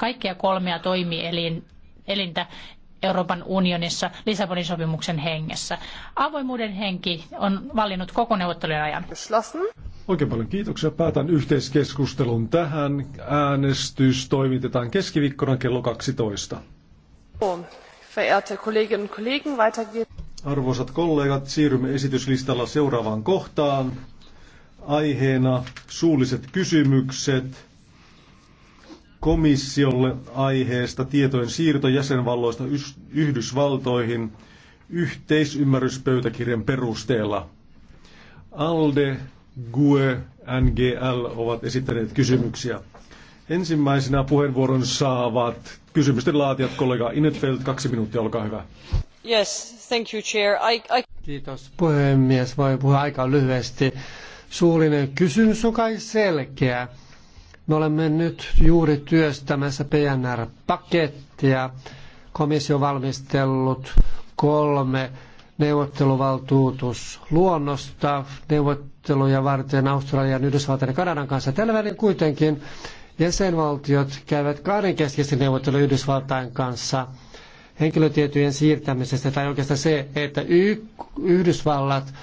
kaikkia kolmea toimielintä Euroopan unionissa Lissabonin sopimuksen hengessä. Avoimuuden henki on valinnut koko neuvottelujen ajan. Oikein paljon kiitoksia. Päätän yhteiskeskustelun tähän. Äänestys toimitetaan keskiviikkona kello 12. Arvoisat kollegat, siirrymme esityslistalla seuraavaan kohtaan. Aiheena suulliset kysymykset komissiolle aiheesta tietojen siirto jäsenvalloista Yhdysvaltoihin yhteisymmärryspöytäkirjan perusteella. ALDE, GUE, NGL ovat esittäneet kysymyksiä. Ensimmäisenä puheenvuoron saavat kysymysten laatijat kollega Inetfeld, kaksi minuuttia, olkaa hyvä. Yes, thank you, chair. I, I... Kiitos puhemies, voi puhua aika lyhyesti. Suullinen kysymys on kai selkeä me olemme nyt juuri työstämässä PNR-pakettia. Komissio on valmistellut kolme neuvotteluvaltuutusluonnosta neuvotteluja varten Australian, Yhdysvaltain ja Kanadan kanssa. Tällä välin kuitenkin jäsenvaltiot käyvät kahdenkeskisiä neuvotteluja Yhdysvaltain kanssa henkilötietojen siirtämisestä, tai oikeastaan se, että Yhdysvallat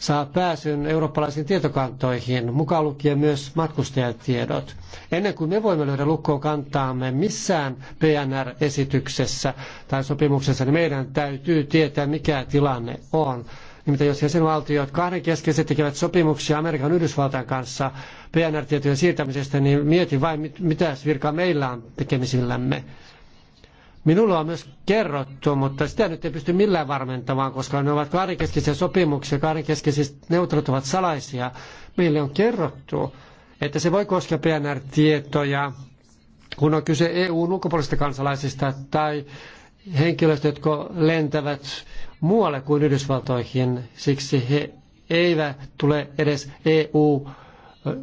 saa pääsyn eurooppalaisiin tietokantoihin, mukaan lukien myös matkustajatiedot. Ennen kuin me voimme löydä lukkoon kantaamme missään PNR-esityksessä tai sopimuksessa, niin meidän täytyy tietää, mikä tilanne on. Nimittäin jos jäsenvaltiot kahden keskeisesti tekevät sopimuksia Amerikan Yhdysvaltain kanssa PNR-tietojen siirtämisestä, niin mieti vain, mitä virkaa meillä on tekemisillämme. Minulla on myös kerrottu, mutta sitä nyt ei pysty millään varmentamaan, koska ne ovat kahdenkeskisiä sopimuksia, kahdenkeskiset neuvottelut ovat salaisia. Meille on kerrottu, että se voi koskea PNR-tietoja, kun on kyse EUn ulkopuolisista kansalaisista tai henkilöistä, jotka lentävät muualle kuin Yhdysvaltoihin. Siksi he eivät tule edes EU-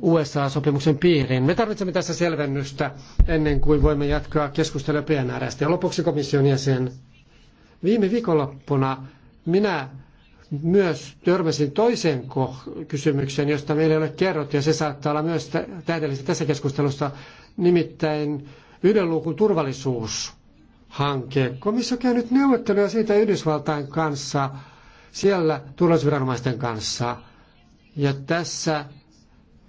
USA-sopimuksen piiriin. Me tarvitsemme tässä selvennystä ennen kuin voimme jatkaa keskustelua PNRstä. Ja lopuksi komission jäsen. Viime viikonloppuna minä myös törmäsin toiseen kysymykseen, josta meillä ei ole kerrottu, ja se saattaa olla myös täydellistä tässä keskustelussa, nimittäin yhden luukun turvallisuushanke. Komissio käy nyt neuvotteluja siitä Yhdysvaltain kanssa, siellä turvallisuusviranomaisten kanssa. Ja tässä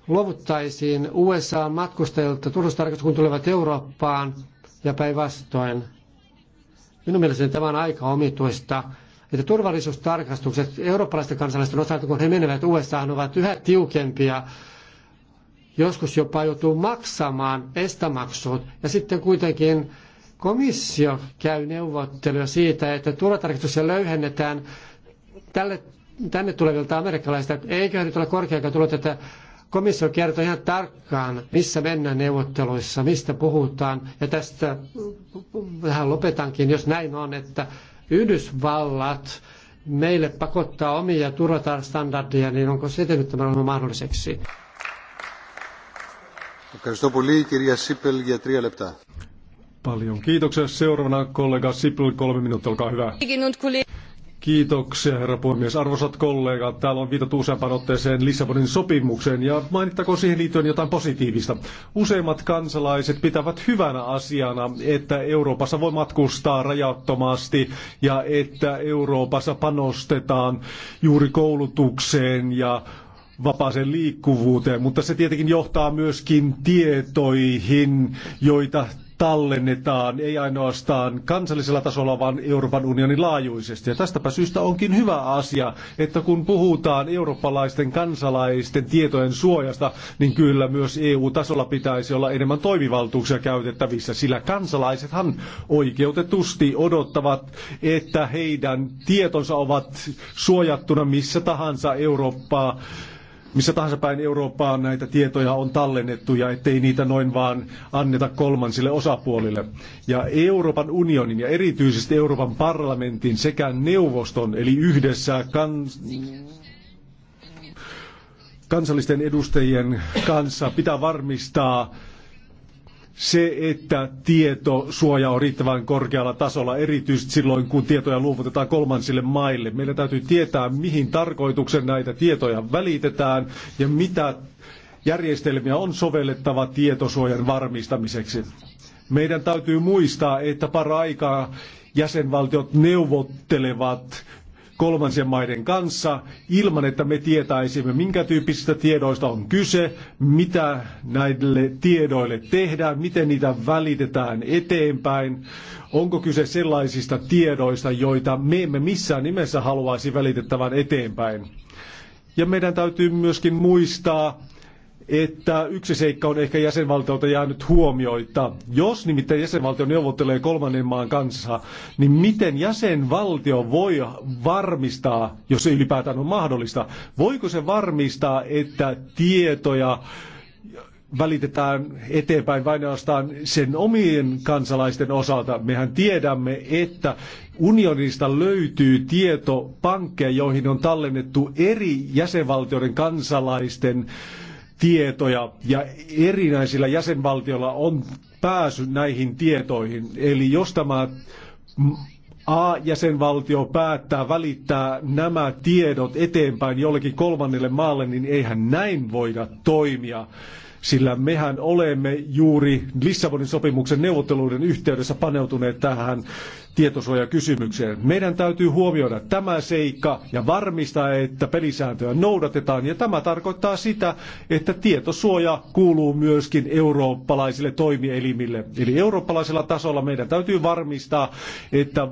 luovuttaisiin USA-matkustajilta turvallisuustarkastus, kun tulevat Eurooppaan ja päinvastoin. Minun mielestäni tämä on aika omituista, että turvallisuustarkastukset eurooppalaisten kansalaisten osalta, kun he menevät USAhan, ovat yhä tiukempia. Joskus jopa joutuu maksamaan estämaksut ja sitten kuitenkin komissio käy neuvotteluja siitä, että turvatarkastuksia löyhennetään tälle, tänne tulevilta amerikkalaisilta. Eikö nyt ole korkeakaan tullut, että komissio kertoi ihan tarkkaan, missä mennään neuvotteluissa, mistä puhutaan. Ja tästä vähän lopetankin, jos näin on, että Yhdysvallat meille pakottaa omia turvatarstandardeja, niin onko se tehnyt tämän ohjelman mahdolliseksi? Paljon kiitoksia. Seuraavana kollega Sipel, kolme minuuttia, olkaa hyvä. Kiitoksia, herra puhemies. Arvoisat kollegat, täällä on viitattu useampaan otteeseen Lissabonin sopimukseen ja mainittakoon siihen liittyen jotain positiivista. Useimmat kansalaiset pitävät hyvänä asiana, että Euroopassa voi matkustaa rajattomasti ja että Euroopassa panostetaan juuri koulutukseen ja vapaaseen liikkuvuuteen, mutta se tietenkin johtaa myöskin tietoihin, joita tallennetaan, ei ainoastaan kansallisella tasolla, vaan Euroopan unionin laajuisesti. Ja tästäpä syystä onkin hyvä asia, että kun puhutaan eurooppalaisten kansalaisten tietojen suojasta, niin kyllä myös EU-tasolla pitäisi olla enemmän toimivaltuuksia käytettävissä, sillä kansalaisethan oikeutetusti odottavat, että heidän tietonsa ovat suojattuna missä tahansa Eurooppaa missä tahansa päin Eurooppaa näitä tietoja on tallennettu ja ettei niitä noin vaan anneta kolmansille osapuolille. Ja Euroopan unionin ja erityisesti Euroopan parlamentin sekä neuvoston eli yhdessä kans kansallisten edustajien kanssa pitää varmistaa se, että tietosuoja on riittävän korkealla tasolla, erityisesti silloin, kun tietoja luovutetaan kolmansille maille. Meidän täytyy tietää, mihin tarkoituksen näitä tietoja välitetään ja mitä järjestelmiä on sovellettava tietosuojan varmistamiseksi. Meidän täytyy muistaa, että paraikaa jäsenvaltiot neuvottelevat kolmansien maiden kanssa ilman, että me tietäisimme, minkä tyyppisistä tiedoista on kyse, mitä näille tiedoille tehdään, miten niitä välitetään eteenpäin, onko kyse sellaisista tiedoista, joita me emme missään nimessä haluaisi välitettävän eteenpäin. Ja meidän täytyy myöskin muistaa että yksi seikka on ehkä jäsenvaltiolta jäänyt huomioita. Jos nimittäin jäsenvaltio neuvottelee kolmannen maan kanssa, niin miten jäsenvaltio voi varmistaa, jos se ylipäätään on mahdollista, voiko se varmistaa, että tietoja välitetään eteenpäin vain ainoastaan sen omien kansalaisten osalta. Mehän tiedämme, että unionista löytyy tietopankkeja, joihin on tallennettu eri jäsenvaltioiden kansalaisten äh, tietoja ja erinäisillä jäsenvaltioilla on pääsy näihin tietoihin. Eli jos tämä A-jäsenvaltio päättää välittää nämä tiedot eteenpäin jollekin kolmannelle maalle, niin eihän näin voida toimia. Sillä mehän olemme juuri Lissabonin sopimuksen neuvotteluiden yhteydessä paneutuneet tähän tietosuojakysymykseen. Meidän täytyy huomioida tämä seikka ja varmistaa, että pelisääntöä noudatetaan. Ja tämä tarkoittaa sitä, että tietosuoja kuuluu myöskin eurooppalaisille toimielimille. Eli eurooppalaisella tasolla meidän täytyy varmistaa, että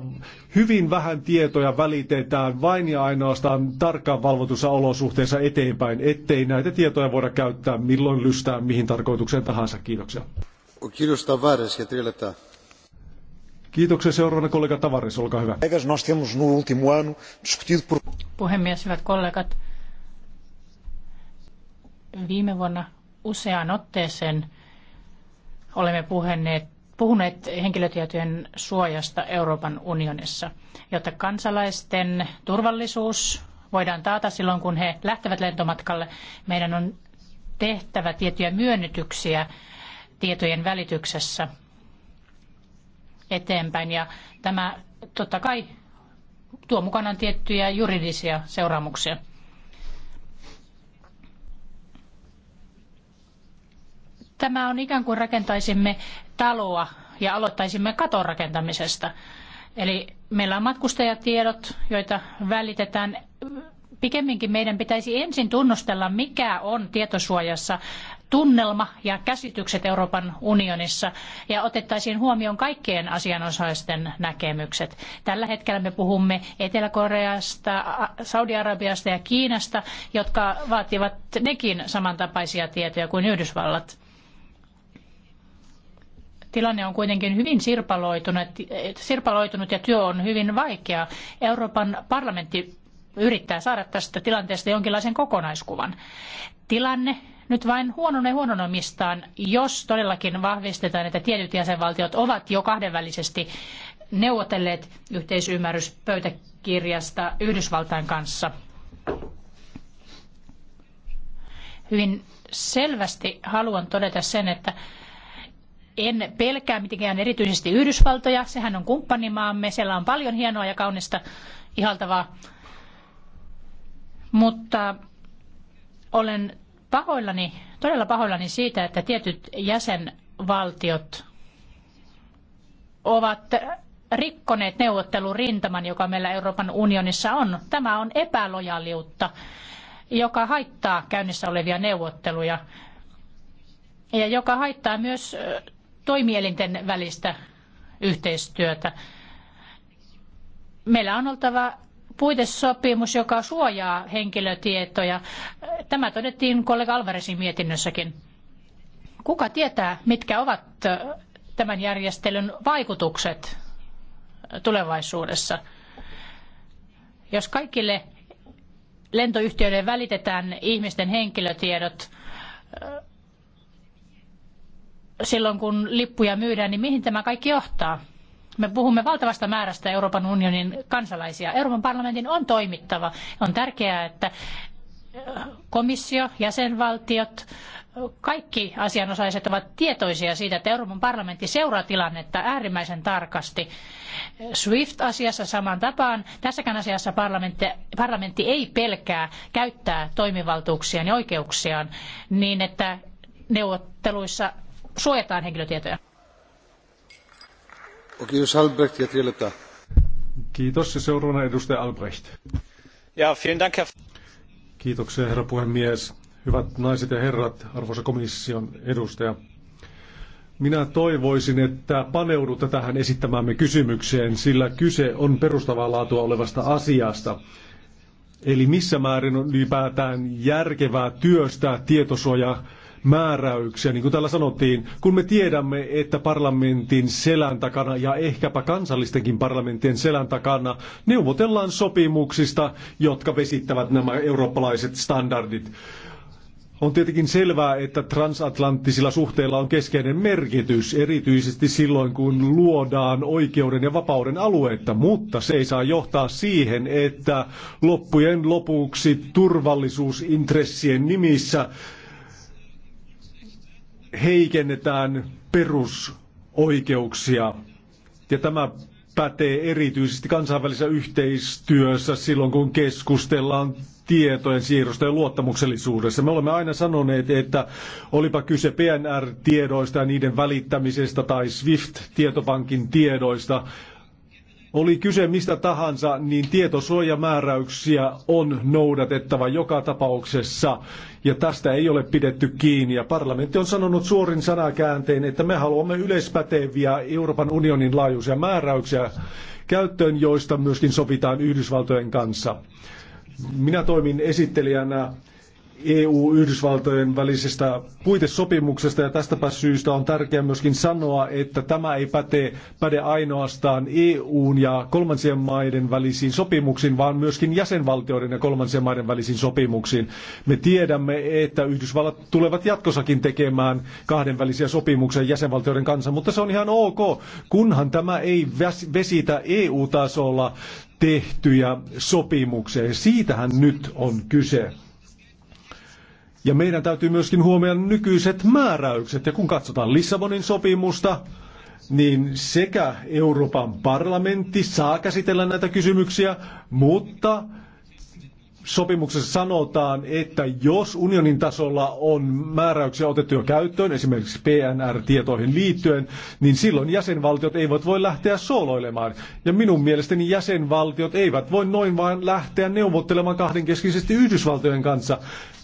hyvin vähän tietoja välitetään vain ja ainoastaan tarkkaan valvotussa olosuhteessa eteenpäin, ettei näitä tietoja voida käyttää milloin lystää mihin tarkoitukseen tahansa. Kiitoksia. Kiitos Tavares ja Kiitoksia seuraavana kollega olkaa hyvä. No Puhemies, hyvät kollegat. Viime vuonna useaan otteeseen olemme puhuneet, puhuneet henkilötietojen suojasta Euroopan unionissa, jotta kansalaisten turvallisuus voidaan taata silloin, kun he lähtevät lentomatkalle. Meidän on tehtävä tiettyjä myönnytyksiä tietojen välityksessä eteenpäin ja tämä totta kai tuo mukanaan tiettyjä juridisia seuraamuksia. Tämä on ikään kuin rakentaisimme taloa ja aloittaisimme katon rakentamisesta. Eli meillä on matkustajatiedot, joita välitetään. Pikemminkin meidän pitäisi ensin tunnustella, mikä on tietosuojassa tunnelma ja käsitykset Euroopan unionissa ja otettaisiin huomioon kaikkien asianosaisten näkemykset. Tällä hetkellä me puhumme Etelä-Koreasta, Saudi-Arabiasta ja Kiinasta, jotka vaativat nekin samantapaisia tietoja kuin Yhdysvallat. Tilanne on kuitenkin hyvin sirpaloitunut, sirpaloitunut ja työ on hyvin vaikea. Euroopan parlamentti yrittää saada tästä tilanteesta jonkinlaisen kokonaiskuvan. Tilanne nyt vain huononee huononomistaan, jos todellakin vahvistetaan, että tietyt jäsenvaltiot ovat jo kahdenvälisesti neuvotelleet yhteisymmärryspöytäkirjasta Yhdysvaltain kanssa. Hyvin selvästi haluan todeta sen, että en pelkää mitenkään erityisesti Yhdysvaltoja. Sehän on kumppanimaamme. Siellä on paljon hienoa ja kaunista ihaltavaa. Mutta olen pahoillani, todella pahoillani siitä, että tietyt jäsenvaltiot ovat rikkoneet neuvottelurintaman, joka meillä Euroopan unionissa on. Tämä on epälojaaliutta, joka haittaa käynnissä olevia neuvotteluja ja joka haittaa myös toimielinten välistä yhteistyötä. Meillä on oltava puitesopimus, joka suojaa henkilötietoja. Tämä todettiin kollega Alvarezin mietinnössäkin. Kuka tietää, mitkä ovat äh, tämän järjestelyn vaikutukset tulevaisuudessa? Jos kaikille lentoyhtiöille välitetään ihmisten henkilötiedot, äh, silloin kun lippuja myydään, niin mihin tämä kaikki johtaa? Me puhumme valtavasta määrästä Euroopan unionin kansalaisia. Euroopan parlamentin on toimittava. On tärkeää, että komissio, jäsenvaltiot, kaikki asianosaiset ovat tietoisia siitä, että Euroopan parlamentti seuraa tilannetta äärimmäisen tarkasti. SWIFT-asiassa saman tapaan. Tässäkään asiassa parlamentti, parlamentti ei pelkää käyttää toimivaltuuksiaan ja oikeuksiaan niin, että neuvotteluissa suojataan henkilötietoja. Albrecht, ja Kiitos. Ja seuraavana Albrecht. Ja, vielen dank, Herr... Kiitoksia, herra puhemies. Hyvät naiset ja herrat, arvoisa komission edustaja. Minä toivoisin, että paneudutte tähän esittämäämme kysymykseen, sillä kyse on perustavaa laatua olevasta asiasta. Eli missä määrin on ylipäätään järkevää työstää tietosuojaa määräyksiä, niin kuin täällä sanottiin, kun me tiedämme, että parlamentin selän takana ja ehkäpä kansallistenkin parlamenttien selän takana neuvotellaan sopimuksista, jotka vesittävät nämä eurooppalaiset standardit. On tietenkin selvää, että transatlanttisilla suhteilla on keskeinen merkitys, erityisesti silloin kun luodaan oikeuden ja vapauden aluetta, mutta se ei saa johtaa siihen, että loppujen lopuksi turvallisuusintressien nimissä heikennetään perusoikeuksia. Ja tämä pätee erityisesti kansainvälisessä yhteistyössä silloin, kun keskustellaan tietojen siirrosta ja luottamuksellisuudessa. Me olemme aina sanoneet, että olipa kyse PNR-tiedoista ja niiden välittämisestä tai SWIFT-tietopankin tiedoista, oli kyse mistä tahansa, niin tietosuojamääräyksiä on noudatettava joka tapauksessa, ja tästä ei ole pidetty kiinni. Ja parlamentti on sanonut suorin sanakääntein, että me haluamme yleispäteviä Euroopan unionin laajuisia määräyksiä käyttöön, joista myöskin sovitaan Yhdysvaltojen kanssa. Minä toimin esittelijänä EU-Yhdysvaltojen välisestä puitesopimuksesta ja tästäpä syystä on tärkeää myöskin sanoa, että tämä ei päte, päde ainoastaan EUn ja kolmansien maiden välisiin sopimuksiin, vaan myöskin jäsenvaltioiden ja kolmansien maiden välisiin sopimuksiin. Me tiedämme, että Yhdysvallat tulevat jatkossakin tekemään kahdenvälisiä sopimuksia jäsenvaltioiden kanssa, mutta se on ihan ok, kunhan tämä ei vesitä EU-tasolla tehtyjä sopimuksia. Ja siitähän nyt on kyse. Ja meidän täytyy myöskin huomioida nykyiset määräykset. Ja kun katsotaan Lissabonin sopimusta, niin sekä Euroopan parlamentti saa käsitellä näitä kysymyksiä, mutta sopimuksessa sanotaan, että jos unionin tasolla on määräyksiä otettu jo käyttöön, esimerkiksi PNR-tietoihin liittyen, niin silloin jäsenvaltiot eivät voi lähteä sooloilemaan. Ja minun mielestäni jäsenvaltiot eivät voi noin vain lähteä neuvottelemaan kahdenkeskisesti Yhdysvaltojen kanssa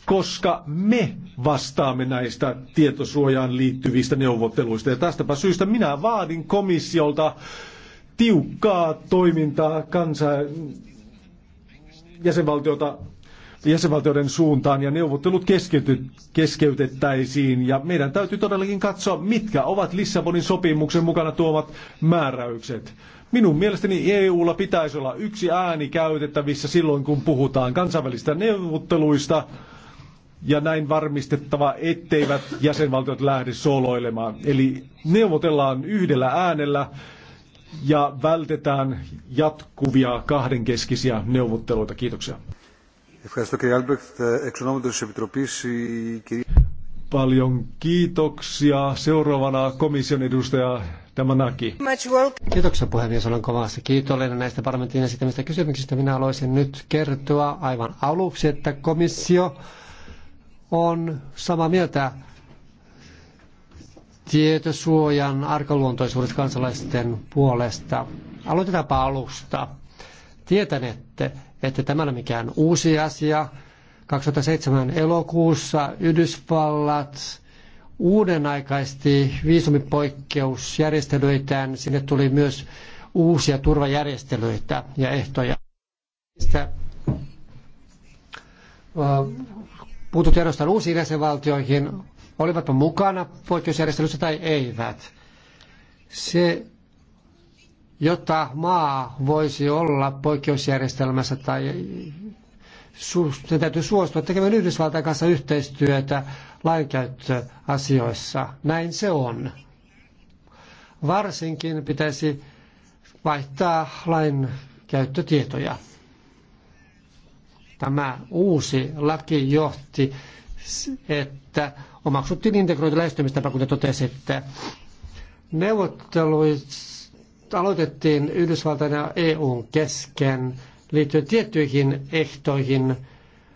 koska me vastaamme näistä tietosuojaan liittyvistä neuvotteluista. Ja tästäpä syystä minä vaadin komissiolta tiukkaa toimintaa kansa, jäsenvaltiota, jäsenvaltioiden suuntaan ja neuvottelut keskeytettäisiin. Ja meidän täytyy todellakin katsoa, mitkä ovat Lissabonin sopimuksen mukana tuomat määräykset. Minun mielestäni EUlla pitäisi olla yksi ääni käytettävissä silloin, kun puhutaan kansainvälisistä neuvotteluista – ja näin varmistettava, etteivät jäsenvaltiot lähde sooloilemaan. Eli neuvotellaan yhdellä äänellä ja vältetään jatkuvia kahdenkeskisiä neuvotteluita. Kiitoksia. Paljon kiitoksia. Seuraavana komission edustaja Tamanaki. Kiitoksia puhemies, olen kovasti kiitollinen näistä parlamentin esittämistä kysymyksistä. Minä haluaisin nyt kertoa aivan aluksi, että komissio on samaa mieltä tietosuojan arkaluontoisuudet kansalaisten puolesta. Aloitetaanpa alusta. Tietänette, että tämä on mikään uusi asia. 2007 elokuussa Yhdysvallat uuden aikaisesti viisumipoikkeusjärjestelyitään. Sinne tuli myös uusia turvajärjestelyitä ja ehtoja puutut erostamaan uusiin jäsenvaltioihin, olivatpa mukana poikkeusjärjestelyssä tai eivät. Se, jotta maa voisi olla poikkeusjärjestelmässä tai se täytyy suostua tekemään Yhdysvaltain kanssa yhteistyötä lainkäyttöasioissa. Näin se on. Varsinkin pitäisi vaihtaa lainkäyttötietoja. Tämä uusi laki johti, että omaksuttiin integroitu lähestymistapa, kuten totesitte. Neuvotteluit aloitettiin Yhdysvaltain ja EUn kesken liittyen tiettyihin ehtoihin,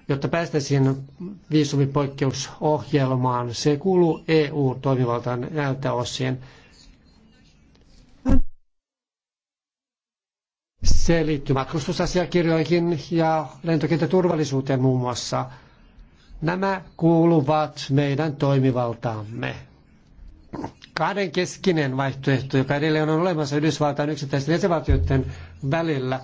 jotta päästäisiin viisumipoikkeusohjelmaan. Se kuuluu EU-toimivaltaan näiltä osin. Se liittyy matkustusasiakirjoihin ja lentokenttäturvallisuuteen muun muassa. Nämä kuuluvat meidän toimivaltaamme. Kahden keskinen vaihtoehto, joka edelleen on olemassa Yhdysvaltain yksittäisten jäsenvaltioiden välillä,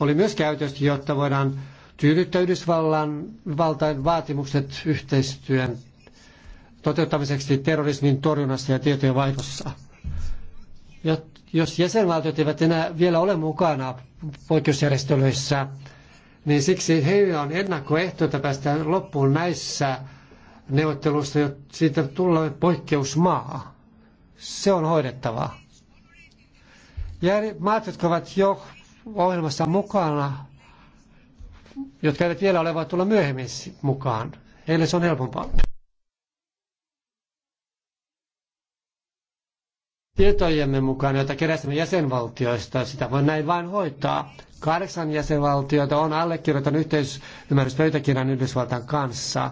oli myös käytössä, jotta voidaan tyydyttää Yhdysvallan valtain vaatimukset yhteistyön toteuttamiseksi terrorismin torjunnassa ja tietojen vaihdossa. Jos jäsenvaltiot eivät enää vielä ole mukana oikeusjärjestelyissä, niin siksi heillä on ennakkoehto, että päästään loppuun näissä neuvotteluissa, jotta siitä tulee poikkeusmaa. Se on hoidettavaa. Maat, jotka ovat jo ohjelmassa mukana, jotka eivät vielä ole, voivat tulla myöhemmin mukaan. Heille se on helpompaa. tietojemme mukaan, joita keräsimme jäsenvaltioista, sitä voi näin vain hoitaa. Kahdeksan jäsenvaltiota on allekirjoittanut yhteisymmärryspöytäkirjan Yhdysvaltain kanssa.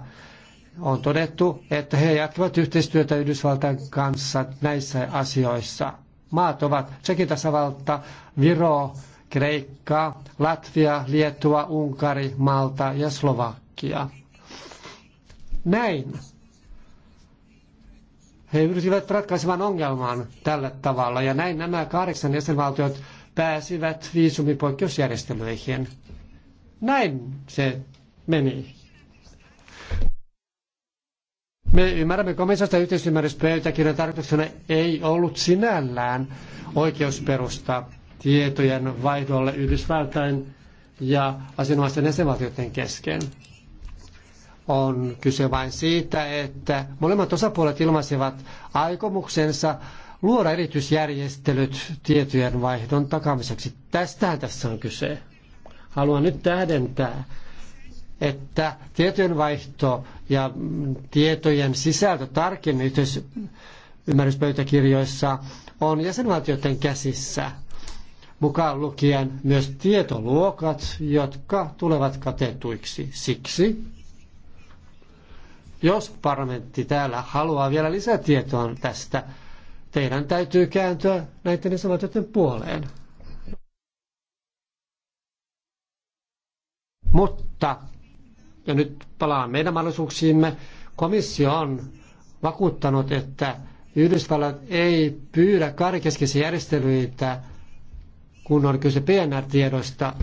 On todettu, että he jatkavat yhteistyötä Yhdysvaltain kanssa näissä asioissa. Maat ovat Tsekin tasavalta, Viro, Kreikka, Latvia, Liettua, Unkari, Malta ja Slovakia. Näin he yrittivät ratkaisemaan ongelman tällä tavalla ja näin nämä kahdeksan jäsenvaltiot pääsivät viisumipoikkeusjärjestelyihin. Näin se meni. Me ymmärrämme komissiosta yhteisymmärryspöytäkirjan tarkoituksena ei ollut sinällään oikeusperusta tietojen vaihdolle Yhdysvaltain ja asianomaisten jäsenvaltioiden kesken on kyse vain siitä, että molemmat osapuolet ilmaisivat aikomuksensa luoda erityisjärjestelyt tietojen vaihdon takamiseksi. Tästähän tässä on kyse. Haluan nyt tähdentää, että tietojen vaihto ja tietojen sisältö tarkemmin yhteis- ymmärryspöytäkirjoissa on jäsenvaltioiden käsissä, mukaan lukien myös tietoluokat, jotka tulevat katetuiksi. Siksi jos parlamentti täällä haluaa vielä lisätietoa tästä, teidän täytyy kääntyä näiden jäsenvaltioiden puoleen. Mutta, ja nyt palaan meidän mahdollisuuksiimme, komissio on vakuuttanut, että Yhdysvallat ei pyydä kahdenkeskeisiä järjestelyitä, kun on kyse PNR-tiedoista,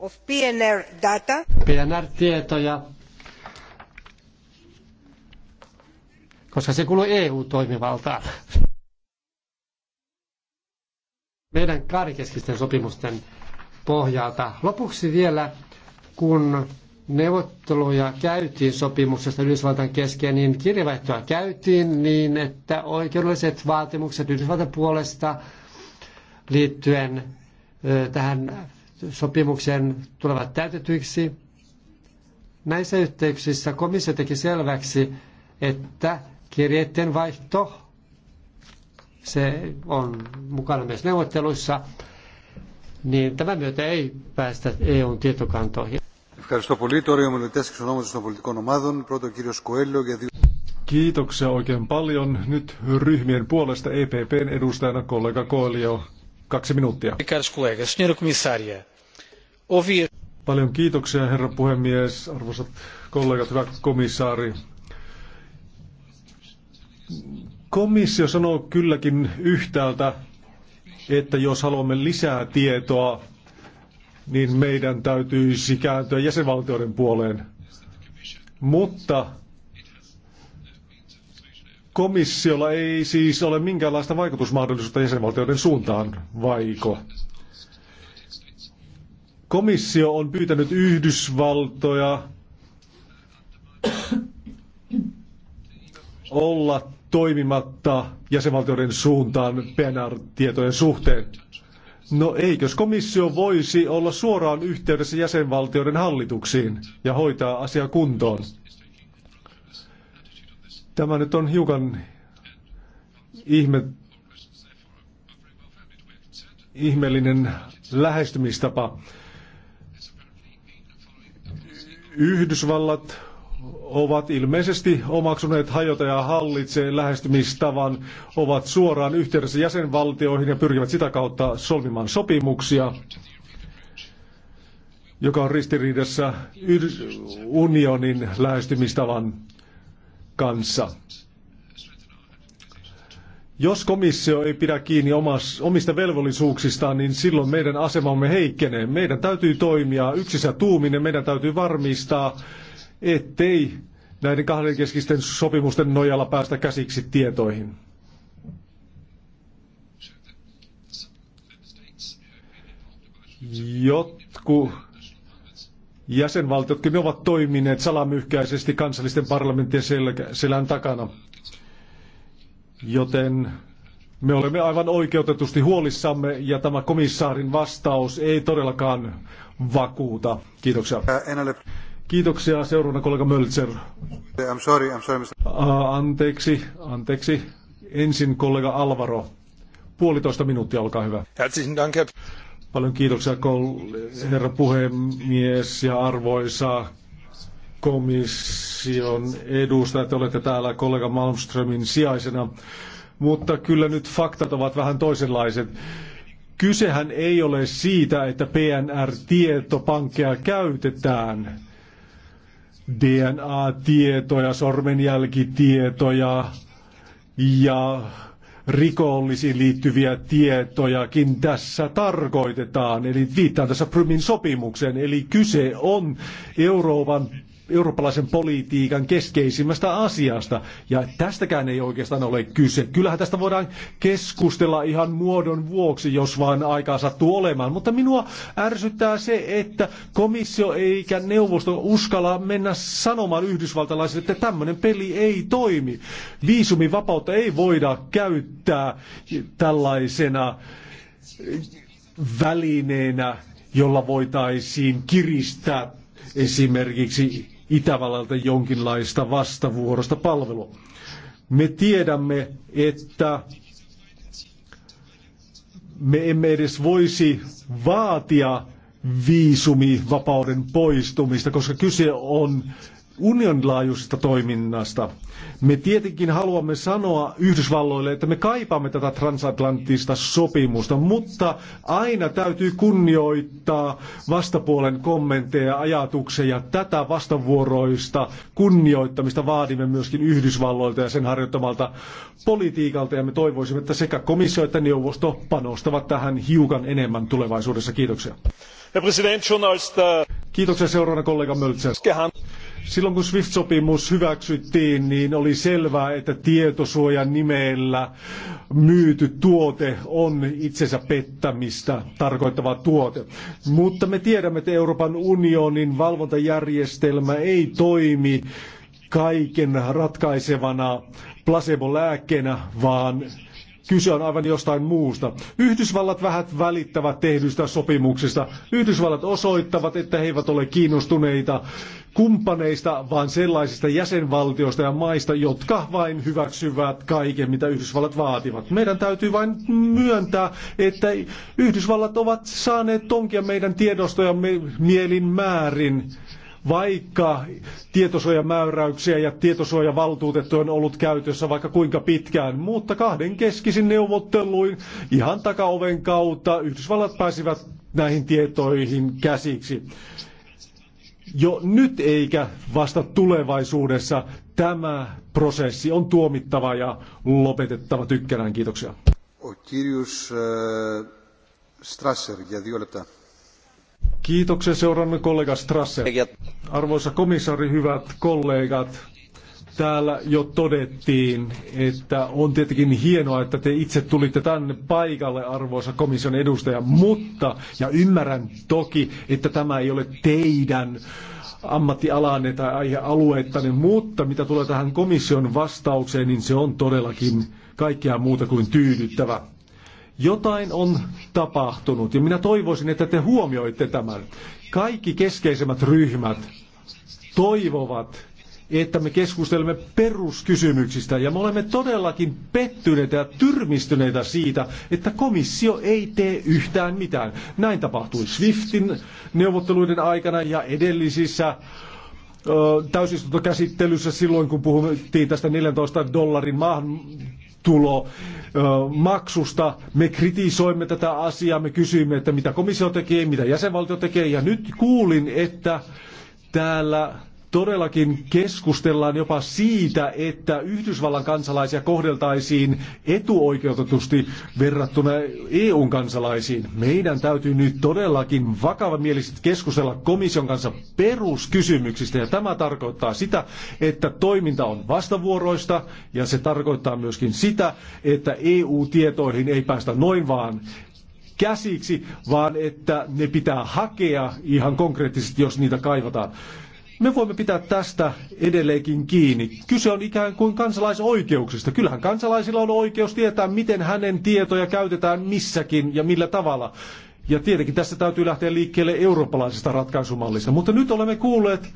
of PNR data. PNR-tietoja, koska se kuuluu EU-toimivaltaan. Meidän kahdenkeskisten sopimusten pohjalta. Lopuksi vielä, kun neuvotteluja käytiin sopimuksesta Yhdysvaltain kesken, niin kirjavaihtoa käytiin niin, että oikeudelliset vaatimukset Yhdysvaltain puolesta liittyen tähän sopimukseen tulevat täytetyiksi. Näissä yhteyksissä komissio teki selväksi, että kirjeiden vaihto, se on mukana myös neuvotteluissa, niin tämän myötä ei päästä EUn tietokantoihin. Kiitoksia oikein paljon. Nyt ryhmien puolesta EPPn edustajana kollega Koelio. Kaksi minuuttia. Paljon kiitoksia, herra puhemies, arvoisat kollegat, hyvä komissaari. Komissio sanoo kylläkin yhtäältä, että jos haluamme lisää tietoa, niin meidän täytyisi kääntyä jäsenvaltioiden puoleen. Mutta Komissiolla ei siis ole minkäänlaista vaikutusmahdollisuutta jäsenvaltioiden suuntaan, vaiko? Komissio on pyytänyt Yhdysvaltoja olla toimimatta jäsenvaltioiden suuntaan PNR-tietojen suhteen. No eikös komissio voisi olla suoraan yhteydessä jäsenvaltioiden hallituksiin ja hoitaa asia kuntoon? Tämä nyt on hiukan ihme, ihmeellinen lähestymistapa. Yhdysvallat ovat ilmeisesti omaksuneet hajota ja hallitsee lähestymistavan, ovat suoraan yhteydessä jäsenvaltioihin ja pyrkivät sitä kautta solmimaan sopimuksia, joka on ristiriidassa unionin lähestymistavan kanssa. Jos komissio ei pidä kiinni omista velvollisuuksistaan, niin silloin meidän asemamme heikkenee. Meidän täytyy toimia yksissä tuuminen, meidän täytyy varmistaa, ettei näiden kahdenkeskisten sopimusten nojalla päästä käsiksi tietoihin. Jotkut Jäsenvaltiotkin ovat toimineet salamyhkäisesti kansallisten parlamenttien selän takana. Joten me olemme aivan oikeutetusti huolissamme ja tämä komissaarin vastaus ei todellakaan vakuuta. Kiitoksia. Kiitoksia seuraavana kollega Möltser. I'm sorry, I'm sorry, Mr. anteeksi, anteeksi. Ensin kollega Alvaro. Puolitoista minuuttia, olkaa hyvä. Herzlichen Dank, Herr Paljon kiitoksia herra puhemies ja arvoisa komission edustaja, että olette täällä kollega Malmströmin sijaisena. Mutta kyllä nyt faktat ovat vähän toisenlaiset. Kysehän ei ole siitä, että PNR-tietopankkeja käytetään. DNA-tietoja, sormenjälkitietoja ja rikollisiin liittyviä tietojakin tässä tarkoitetaan. Eli viittaan tässä Prymin sopimukseen. Eli kyse on Euroopan eurooppalaisen politiikan keskeisimmästä asiasta. Ja tästäkään ei oikeastaan ole kyse. Kyllähän tästä voidaan keskustella ihan muodon vuoksi, jos vaan aikaa sattuu olemaan. Mutta minua ärsyttää se, että komissio eikä neuvosto uskalla mennä sanomaan yhdysvaltalaisille, että tämmöinen peli ei toimi. Viisumivapautta ei voida käyttää tällaisena välineenä, jolla voitaisiin kiristää esimerkiksi Itävallalta jonkinlaista vastavuorosta palvelua. Me tiedämme, että me emme edes voisi vaatia viisumivapauden poistumista, koska kyse on unionin toiminnasta. Me tietenkin haluamme sanoa Yhdysvalloille, että me kaipaamme tätä transatlanttista sopimusta, mutta aina täytyy kunnioittaa vastapuolen kommentteja, ajatuksia. Tätä vastavuoroista kunnioittamista vaadimme myöskin Yhdysvalloilta ja sen harjoittamalta politiikalta, ja me toivoisimme, että sekä komissio että neuvosto panostavat tähän hiukan enemmän tulevaisuudessa. Kiitoksia. Herr Präsident, schon als der Kiitoksia seuraavana kollega Möltsä. Silloin kun SWIFT-sopimus hyväksyttiin, niin oli selvää, että tietosuoja nimellä myyty tuote on itsensä pettämistä tarkoittava tuote. Mutta me tiedämme, että Euroopan unionin valvontajärjestelmä ei toimi kaiken ratkaisevana placebo-lääkkeenä, vaan Kyse on aivan jostain muusta. Yhdysvallat vähät välittävät tehdyistä sopimuksista. Yhdysvallat osoittavat, että he eivät ole kiinnostuneita kumppaneista, vaan sellaisista jäsenvaltioista ja maista, jotka vain hyväksyvät kaiken, mitä Yhdysvallat vaativat. Meidän täytyy vain myöntää, että Yhdysvallat ovat saaneet tonkia meidän tiedostojamme mielin määrin vaikka tietosuojamääräyksiä ja tietosuojavaltuutettu on ollut käytössä vaikka kuinka pitkään, mutta kahden keskisin neuvotteluin ihan takaoven kautta Yhdysvallat pääsivät näihin tietoihin käsiksi. Jo nyt eikä vasta tulevaisuudessa tämä prosessi on tuomittava ja lopetettava tykkänään. Kiitoksia. O kirjus, äh, Strasser, ja Kiitoksia seuraamme kollega Strasser. Arvoisa komissari, hyvät kollegat, täällä jo todettiin, että on tietenkin hienoa, että te itse tulitte tänne paikalle, arvoisa komission edustaja, mutta, ja ymmärrän toki, että tämä ei ole teidän ammattialanne tai aihealueettanne, mutta mitä tulee tähän komission vastaukseen, niin se on todellakin kaikkea muuta kuin tyydyttävä. Jotain on tapahtunut ja minä toivoisin, että te huomioitte tämän. Kaikki keskeisemmät ryhmät, toivovat, että me keskustelemme peruskysymyksistä. Ja me olemme todellakin pettyneitä ja tyrmistyneitä siitä, että komissio ei tee yhtään mitään. Näin tapahtui Swiftin neuvotteluiden aikana ja edellisissä ö, täysistuntokäsittelyssä silloin, kun puhuttiin tästä 14 dollarin maahan maksusta. Me kritisoimme tätä asiaa, me kysyimme, että mitä komissio tekee, mitä jäsenvaltio tekee, ja nyt kuulin, että täällä todellakin keskustellaan jopa siitä, että Yhdysvallan kansalaisia kohdeltaisiin etuoikeutetusti verrattuna EUn kansalaisiin. Meidän täytyy nyt todellakin vakavamielisesti keskustella komission kanssa peruskysymyksistä, ja tämä tarkoittaa sitä, että toiminta on vastavuoroista, ja se tarkoittaa myöskin sitä, että EU-tietoihin ei päästä noin vaan käsiksi, vaan että ne pitää hakea ihan konkreettisesti, jos niitä kaivataan. Me voimme pitää tästä edelleenkin kiinni. Kyse on ikään kuin kansalaisoikeuksista. Kyllähän kansalaisilla on oikeus tietää, miten hänen tietoja käytetään missäkin ja millä tavalla. Ja tietenkin tässä täytyy lähteä liikkeelle eurooppalaisesta ratkaisumallista. Mutta nyt olemme kuulleet,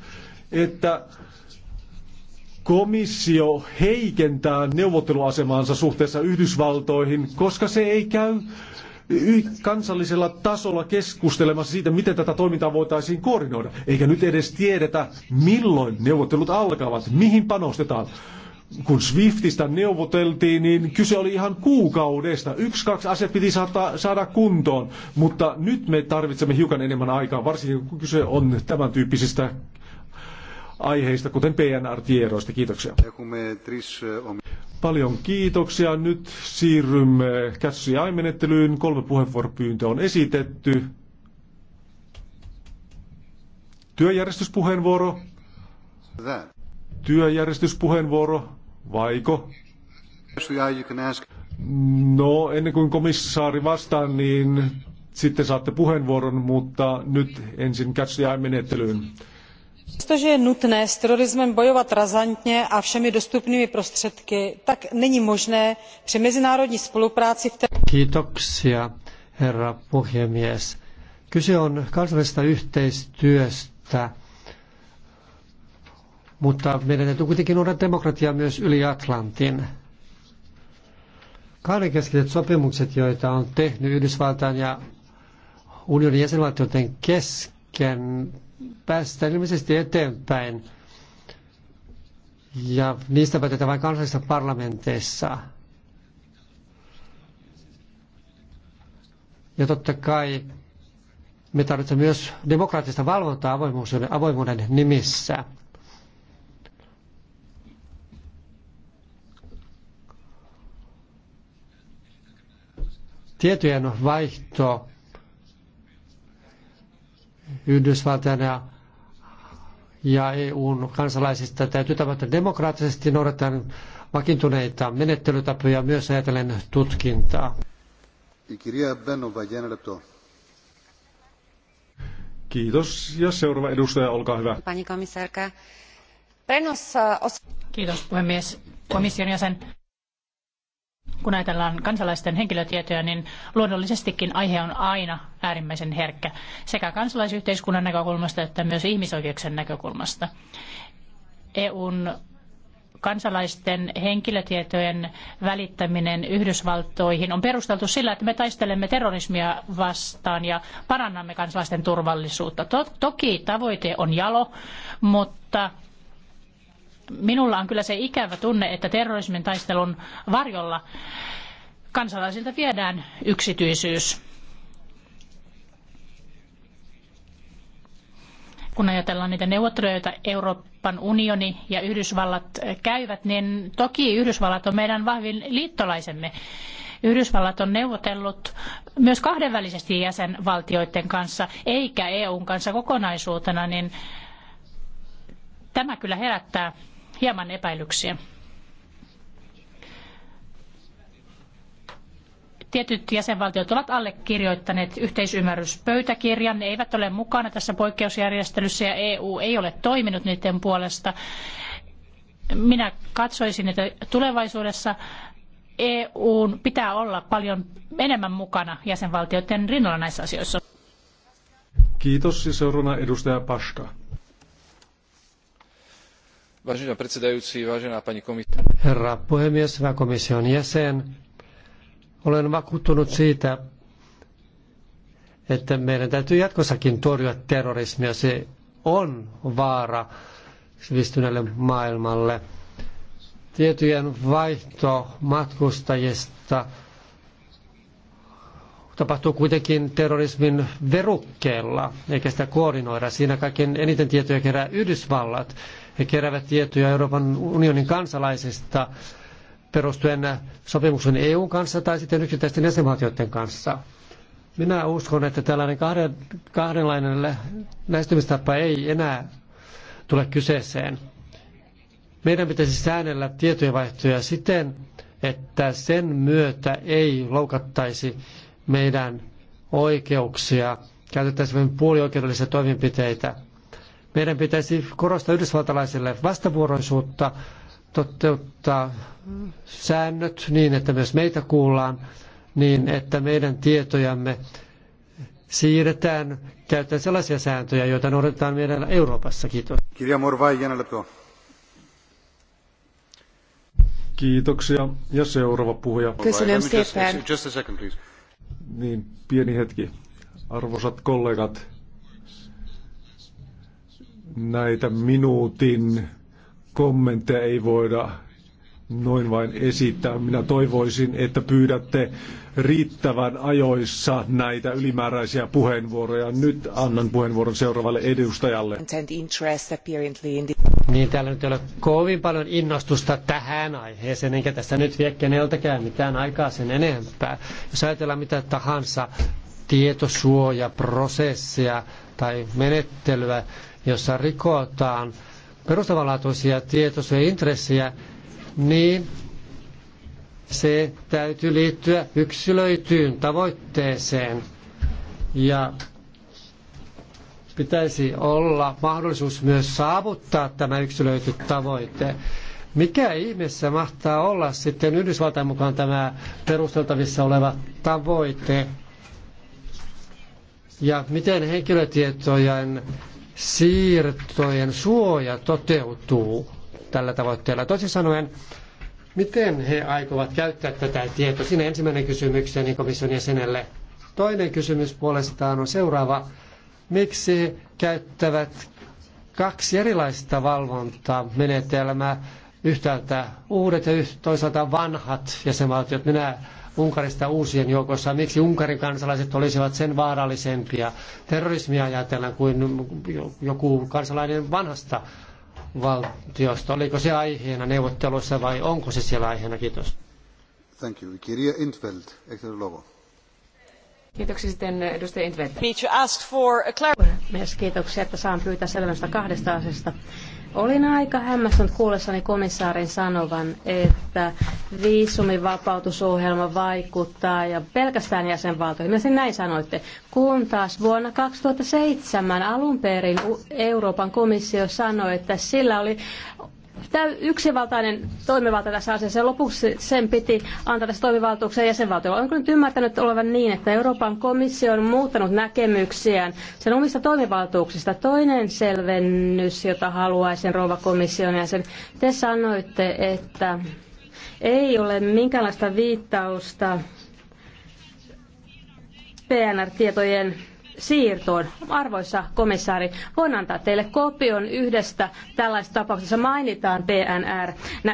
että komissio heikentää neuvotteluasemaansa suhteessa Yhdysvaltoihin, koska se ei käy kansallisella tasolla keskustelemassa siitä, miten tätä toimintaa voitaisiin koordinoida. Eikä nyt edes tiedetä, milloin neuvottelut alkavat, mihin panostetaan kun Swiftistä neuvoteltiin, niin kyse oli ihan kuukaudesta. Yksi, kaksi asia piti saada, saada kuntoon, mutta nyt me tarvitsemme hiukan enemmän aikaa, varsinkin kun kyse on tämän tyyppisistä aiheista, kuten PNR-tiedoista. Kiitoksia. Paljon kiitoksia. Nyt siirrymme käsiaimenettelyyn. Kolme puheenvuoropyyntöä on esitetty. Työjärjestyspuheenvuoro. Työjärjestyspuheenvuoro, vaiko? No, ennen kuin komissaari vastaa, niin sitten saatte puheenvuoron, mutta nyt ensin ja menettelyyn přestože je nutné s terorismem bojovat razantně a všemi dostupnými prostředky tak není možné při mezinárodní spolupráci v této Kyse on kansallisesta yhteistyöstä, mutta meidän täytyy kuitenkin noudattaa demokratia myös yli Atlantin. Kahdenkeskiset sopimukset, joita on tehnyt Yhdysvaltain ja unionin jäsenvaltioiden kesken, päästä ilmeisesti eteenpäin. Ja niistä päätetään vain kansallisissa parlamenteissa. Ja totta kai me tarvitsemme myös demokraattista valvontaa avoimuuden, avoimuuden nimissä. Tietojen vaihto Yhdysvaltain ja ja EUn kansalaisista täytyy tavata demokraattisesti noudattaen vakiintuneita menettelytapoja myös ajatellen tutkintaa. Kiitos. Ja seuraava edustaja, olkaa hyvä. Kiitos puhemies. Komission jäsen kun ajatellaan kansalaisten henkilötietoja, niin luonnollisestikin aihe on aina äärimmäisen herkkä sekä kansalaisyhteiskunnan näkökulmasta että myös ihmisoikeuksien näkökulmasta. EUn kansalaisten henkilötietojen välittäminen Yhdysvaltoihin on perusteltu sillä, että me taistelemme terrorismia vastaan ja parannamme kansalaisten turvallisuutta. toki tavoite on jalo, mutta Minulla on kyllä se ikävä tunne, että terrorismin taistelun varjolla kansalaisilta viedään yksityisyys. kun ajatellaan niitä neuvotteluja, joita Euroopan unioni ja Yhdysvallat käyvät, niin toki Yhdysvallat on meidän vahvin liittolaisemme. Yhdysvallat on neuvotellut myös kahdenvälisesti jäsenvaltioiden kanssa, eikä EUn kanssa kokonaisuutena, niin tämä kyllä herättää hieman epäilyksiä. tietyt jäsenvaltiot ovat allekirjoittaneet yhteisymmärryspöytäkirjan. Ne eivät ole mukana tässä poikkeusjärjestelyssä ja EU ei ole toiminut niiden puolesta. Minä katsoisin, että tulevaisuudessa EUn pitää olla paljon enemmän mukana jäsenvaltioiden rinnalla näissä asioissa. Kiitos. Seuraavana edustaja Paska. Vážená predsedajúci, vážená pani komisio. Herra puhemies, hyvä komission jäsen. Olen vakuuttunut siitä, että meidän täytyy jatkossakin torjua terrorismia. Se on vaara sivistyneelle maailmalle. Tietojen vaihto matkustajista tapahtuu kuitenkin terrorismin verukkeella, eikä sitä koordinoida. Siinä kaikkein eniten tietoja kerää Yhdysvallat. He keräävät tietoja Euroopan unionin kansalaisista perustuen sopimuksen EUn kanssa tai sitten yksittäisten jäsenvaltioiden kanssa. Minä uskon, että tällainen kahden, kahdenlainen lähestymistapa ei enää tule kyseeseen. Meidän pitäisi säännellä tietojenvaihtoja siten, että sen myötä ei loukattaisi meidän oikeuksia, käytettäisiin puolioikeudellisia toimenpiteitä. Meidän pitäisi korostaa yhdysvaltalaisille vastavuoroisuutta, toteuttaa säännöt niin, että myös meitä kuullaan, niin että meidän tietojamme siirretään käyttäen sellaisia sääntöjä, joita noudatetaan meidän Euroopassa. Kiitos. Kirja Morvai, Kiitoksia. Ja seuraava puhuja. Kysynen Niin, pieni hetki. Arvoisat kollegat, näitä minuutin kommentteja ei voida noin vain esittää. Minä toivoisin, että pyydätte riittävän ajoissa näitä ylimääräisiä puheenvuoroja. Nyt annan puheenvuoron seuraavalle edustajalle. Niin, täällä nyt ei ole kovin paljon innostusta tähän aiheeseen, enkä tässä nyt vie keneltäkään mitään aikaa sen enempää. Jos ajatellaan mitä tahansa tietosuojaprosessia tai menettelyä, jossa rikotaan perustavanlaatuisia intressejä, niin se täytyy liittyä yksilöityyn tavoitteeseen ja pitäisi olla mahdollisuus myös saavuttaa tämä yksilöity tavoite. Mikä ihmeessä mahtaa olla sitten Yhdysvaltain mukaan tämä perusteltavissa oleva tavoite? Ja miten henkilötietojen siirtojen suoja toteutuu tällä tavoitteella. Toisin sanoen, miten he aikovat käyttää tätä tietoa? Siinä ensimmäinen kysymykseni komission jäsenelle. Toinen kysymys puolestaan on seuraava. Miksi käyttävät kaksi erilaista valvontamenetelmää, yhtäältä uudet ja toisaalta vanhat jäsenvaltiot. Minä Unkarista uusien joukossa. Miksi Unkarin kansalaiset olisivat sen vaarallisempia terrorismia ajatellen kuin joku kansalainen vanhasta valtiosta? Oliko se aiheena neuvotteluissa vai onko se siellä aiheena? Kiitos. Thank you. Kirja Intveld, logo. Kiitoksia sitten edustaja Intveld. Kiitoksia, että saan pyytää selvennystä kahdesta asiasta. Olin aika hämmästynyt kuullessani komissaarin sanovan, että viisumivapautusohjelma vaikuttaa ja pelkästään jäsenvaltioihin. Minä sen näin sanoitte. Kun taas vuonna 2007 alun perin Euroopan komissio sanoi, että sillä oli yksivaltainen toimivalta tässä asiassa ja lopuksi sen piti antaa tässä toimivaltuuksia jäsenvaltiolle. Onko nyt ymmärtänyt olevan niin, että Euroopan komissio on muuttanut näkemyksiään sen omista toimivaltuuksista? Toinen selvennys, jota haluaisin rouva komission ja sen, te sanoitte, että ei ole minkäänlaista viittausta PNR-tietojen siirtoon. Arvoisa komissaari, voin antaa teille kopion yhdestä tällaisesta tapauksessa mainitaan PNR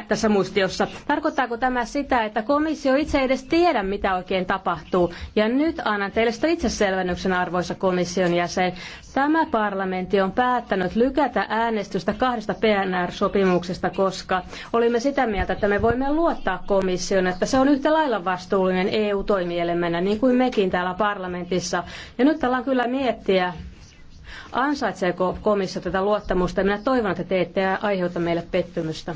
tässä muistiossa. Tarkoittaako tämä sitä, että komissio itse ei edes tiedä, mitä oikein tapahtuu? Ja nyt annan teille sitä itseselvennyksen, arvoisa komission jäsen. Tämä parlamentti on päättänyt lykätä äänestystä kahdesta PNR-sopimuksesta, koska olimme sitä mieltä, että me voimme luottaa komission, että se on yhtä lailla vastuullinen EU-toimielimenä, niin kuin mekin täällä parlamentissa. Ja nyt ollaan kyllä miettiä, ansaitseeko komissio tätä luottamusta. Minä toivon, että te ette aiheuta meille pettymystä.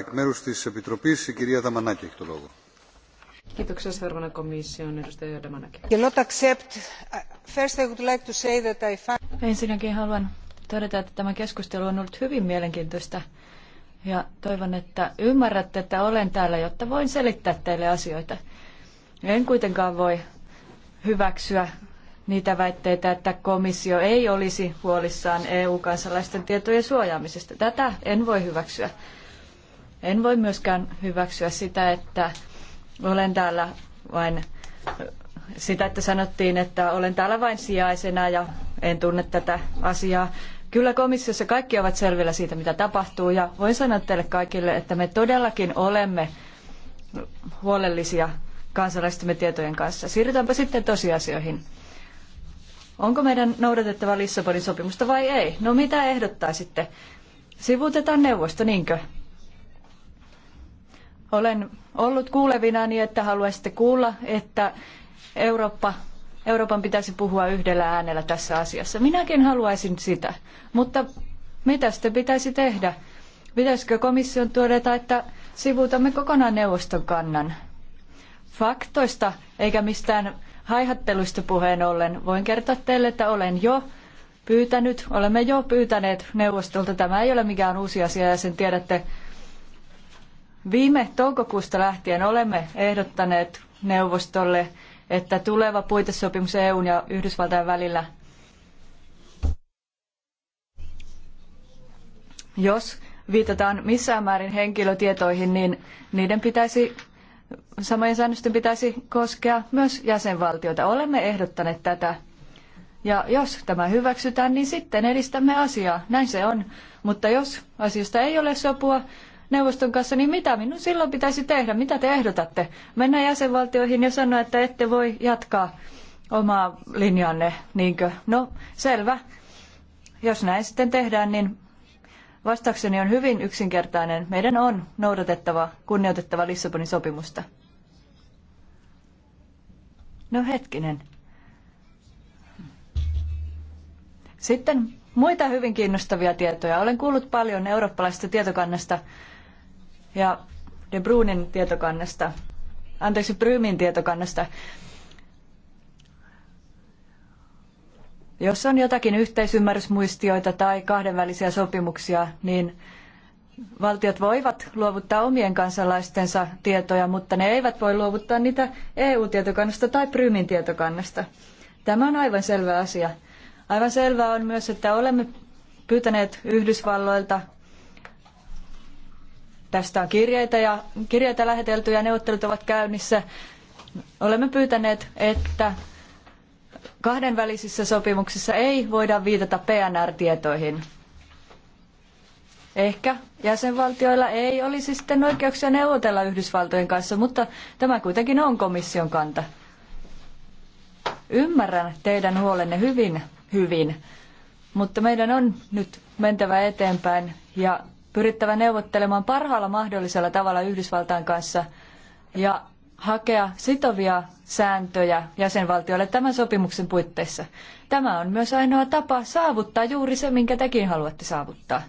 Εκ της κυρία Δαμανάκη έχει το λόγο. Kiitoksia seuraavana komission edustaja Damanaki. First I would like to say that I find... Ensinnäkin haluan todeta, että tämä keskustelu on ollut hyvin mielenkiintoista ja toivon, että ymmärrätte, että olen täällä, jotta voin selittää teille asioita. En kuitenkaan voi hyväksyä niitä väitteitä, että komissio ei olisi huolissaan EU-kansalaisten tietojen suojaamisesta. Tätä en voi hyväksyä. En voi myöskään hyväksyä sitä, että olen täällä vain sitä, että sanottiin, että olen täällä vain sijaisena ja en tunne tätä asiaa. Kyllä komissiossa kaikki ovat selvillä siitä, mitä tapahtuu ja voin sanoa teille kaikille, että me todellakin olemme huolellisia kansalaistemme tietojen kanssa. Siirrytäänpä sitten tosiasioihin. Onko meidän noudatettava Lissabonin sopimusta vai ei? No mitä ehdottaisitte? Sivuutetaan neuvosto, niinkö? Olen ollut kuulevina niin, että haluaisitte kuulla, että Eurooppa, Euroopan pitäisi puhua yhdellä äänellä tässä asiassa. Minäkin haluaisin sitä, mutta mitä sitten pitäisi tehdä? Pitäisikö komission tuoda, että sivuutamme kokonaan neuvoston kannan? faktoista eikä mistään haihatteluista puheen ollen. Voin kertoa teille, että olen jo pyytänyt, olemme jo pyytäneet neuvostolta. Tämä ei ole mikään uusi asia ja sen tiedätte. Viime toukokuusta lähtien olemme ehdottaneet neuvostolle, että tuleva puitesopimus EUn ja Yhdysvaltain välillä, jos viitataan missään määrin henkilötietoihin, niin niiden pitäisi Samojen säännösten pitäisi koskea myös jäsenvaltioita. Olemme ehdottaneet tätä. Ja jos tämä hyväksytään, niin sitten edistämme asiaa. Näin se on. Mutta jos asiasta ei ole sopua neuvoston kanssa, niin mitä minun silloin pitäisi tehdä? Mitä te ehdotatte? Mennä jäsenvaltioihin ja sanoa, että ette voi jatkaa omaa linjanne, niinkö? No, selvä. Jos näin sitten tehdään, niin Vastaukseni on hyvin yksinkertainen. Meidän on noudatettava, kunnioitettava Lissabonin sopimusta. No hetkinen. Sitten muita hyvin kiinnostavia tietoja. Olen kuullut paljon eurooppalaisesta tietokannasta ja De Bruunin tietokannasta, anteeksi Brymin tietokannasta. Jos on jotakin yhteisymmärrysmuistioita tai kahdenvälisiä sopimuksia, niin valtiot voivat luovuttaa omien kansalaistensa tietoja, mutta ne eivät voi luovuttaa niitä EU-tietokannasta tai Prymin tietokannasta. Tämä on aivan selvä asia. Aivan selvää on myös, että olemme pyytäneet Yhdysvalloilta tästä on kirjeitä ja kirjeitä lähetelty ja neuvottelut ovat käynnissä. Olemme pyytäneet, että Kahdenvälisissä sopimuksissa ei voida viitata PNR-tietoihin. Ehkä jäsenvaltioilla ei olisi sitten oikeuksia neuvotella Yhdysvaltojen kanssa, mutta tämä kuitenkin on komission kanta. Ymmärrän teidän huolenne hyvin, hyvin, mutta meidän on nyt mentävä eteenpäin ja pyrittävä neuvottelemaan parhaalla mahdollisella tavalla Yhdysvaltain kanssa ja hakea sitovia sääntöjä jäsenvaltioille tämän sopimuksen puitteissa. Tämä on myös ainoa tapa saavuttaa juuri se, minkä tekin haluatte saavuttaa.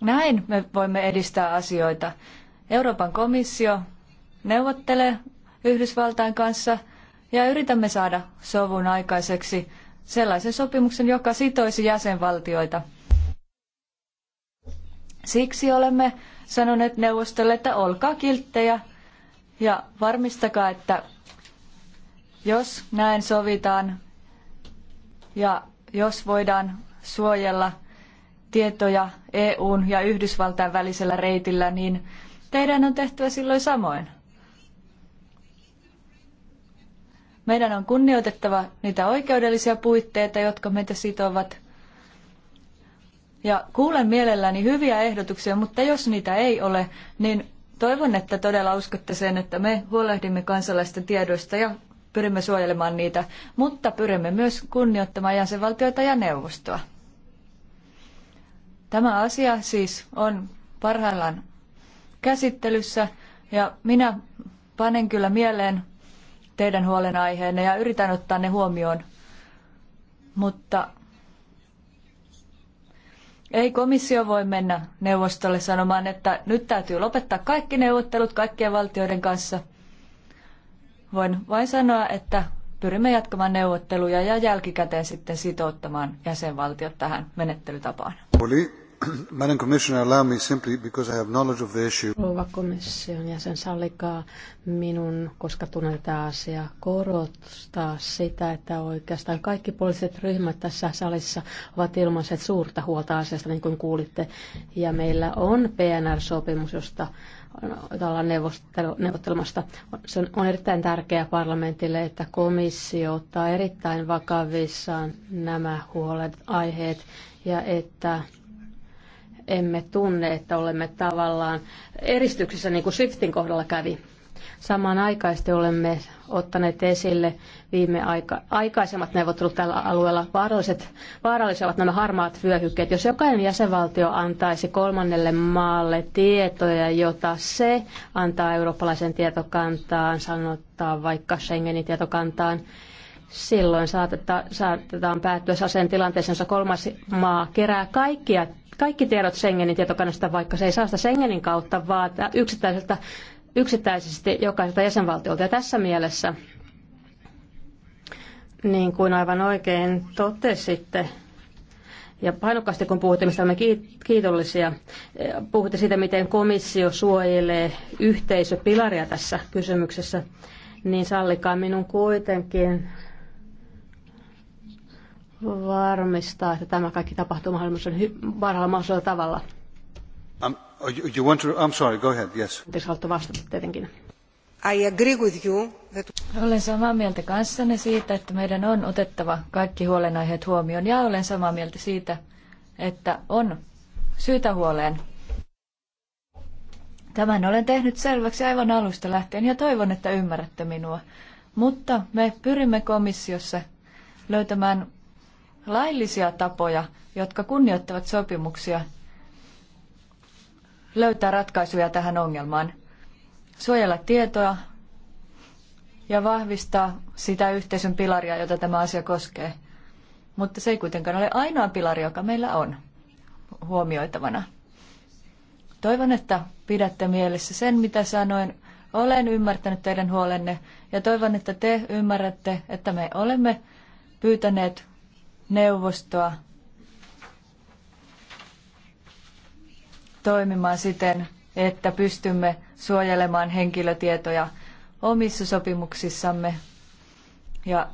Näin me voimme edistää asioita. Euroopan komissio neuvottelee Yhdysvaltain kanssa ja yritämme saada sovun aikaiseksi sellaisen sopimuksen, joka sitoisi jäsenvaltioita. Siksi olemme sanoneet neuvostolle, että olkaa kilttejä ja varmistakaa, että jos näin sovitaan ja jos voidaan suojella tietoja EUn ja Yhdysvaltain välisellä reitillä, niin teidän on tehtävä silloin samoin. Meidän on kunnioitettava niitä oikeudellisia puitteita, jotka meitä sitovat. Ja kuulen mielelläni hyviä ehdotuksia, mutta jos niitä ei ole, niin Toivon, että todella uskotte sen, että me huolehdimme kansalaisten tiedoista ja pyrimme suojelemaan niitä, mutta pyrimme myös kunnioittamaan jäsenvaltioita ja neuvostoa. Tämä asia siis on parhaillaan käsittelyssä ja minä panen kyllä mieleen teidän huolenaiheenne ja yritän ottaa ne huomioon, mutta ei komissio voi mennä neuvostolle sanomaan, että nyt täytyy lopettaa kaikki neuvottelut kaikkien valtioiden kanssa. Voin vain sanoa, että pyrimme jatkamaan neuvotteluja ja jälkikäteen sitten sitouttamaan jäsenvaltiot tähän menettelytapaan. Oli. Madam Commissioner, allow me simply, because I have knowledge of the issue. Rouva komission jäsen, sallikaa minun, koska tunnen tätä asiaa, korostaa sitä, että oikeastaan kaikki poliittiset ryhmät tässä salissa ovat ilmaiset suurta huolta asiasta, niin kuin kuulitte. Ja meillä on PNR-sopimus, josta jota ollaan neuvottelemasta. Se on, erittäin tärkeää parlamentille, että komissio ottaa erittäin vakavissaan nämä huolet, aiheet ja että emme tunne, että olemme tavallaan eristyksissä, niin kuin Swiftin kohdalla kävi. Samanaikaisesti olemme ottaneet esille viime aika, aikaisemmat neuvottelut tällä alueella. Vaaralliset, vaarallisia ovat nämä harmaat vyöhykkeet. Jos jokainen jäsenvaltio antaisi kolmannelle maalle tietoja, jota se antaa eurooppalaisen tietokantaan, sanotaan vaikka Schengenin tietokantaan, silloin saateta, saatetaan päättyä sen tilanteeseen, jossa kolmas maa kerää kaikkia kaikki tiedot Schengenin tietokannasta, vaikka se ei saa sitä Schengenin kautta, vaan yksittäiseltä, yksittäisesti jokaiselta jäsenvaltiolta. Ja tässä mielessä, niin kuin aivan oikein totesitte, ja painokkaasti kun puhutte, mistä olemme kiitollisia, puhutte siitä, miten komissio suojelee yhteisöpilaria tässä kysymyksessä, niin sallikaa minun kuitenkin varmistaa, että tämä kaikki tapahtuu mahdollisimman hy- parhaalla mahdollisella tavalla. Um, oh, you want to, I'm sorry, go ahead, yes. Jos haluatte vastata tietenkin. I agree with you that... Olen samaa mieltä kanssanne siitä, että meidän on otettava kaikki huolenaiheet huomioon ja olen samaa mieltä siitä, että on syytä huoleen. Tämän olen tehnyt selväksi aivan alusta lähtien ja toivon, että ymmärrätte minua. Mutta me pyrimme komissiossa löytämään laillisia tapoja, jotka kunnioittavat sopimuksia, löytää ratkaisuja tähän ongelmaan, suojella tietoa ja vahvistaa sitä yhteisön pilaria, jota tämä asia koskee. Mutta se ei kuitenkaan ole ainoa pilari, joka meillä on huomioitavana. Toivon, että pidätte mielessä sen, mitä sanoin. Olen ymmärtänyt teidän huolenne ja toivon, että te ymmärrätte, että me olemme pyytäneet neuvostoa toimimaan siten, että pystymme suojelemaan henkilötietoja omissa sopimuksissamme ja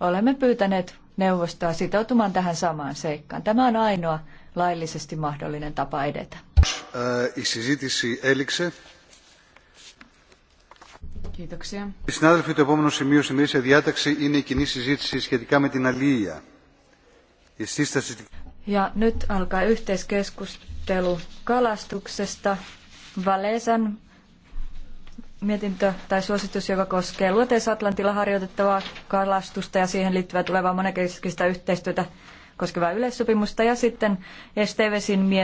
olemme pyytäneet neuvostoa sitoutumaan tähän samaan seikkaan. Tämä on ainoa laillisesti mahdollinen tapa edetä. Kiitoksia. Συνάδελφοι, το επόμενο σημείο σημερινή σε διάταξη είναι η κοινή συζήτηση σχετικά με την αλληλεία. Η σύσταση... Ja nyt alkaa yhteiskeskustelu kalastuksesta. Valesan mietintö tai suositus, joka koskee luoteisatlantilla harjoitettavaa kalastusta ja siihen liittyvää tulevaa monenkeskistä yhteistyötä koskevaa yleissopimusta ja sitten Estevesin mietintö.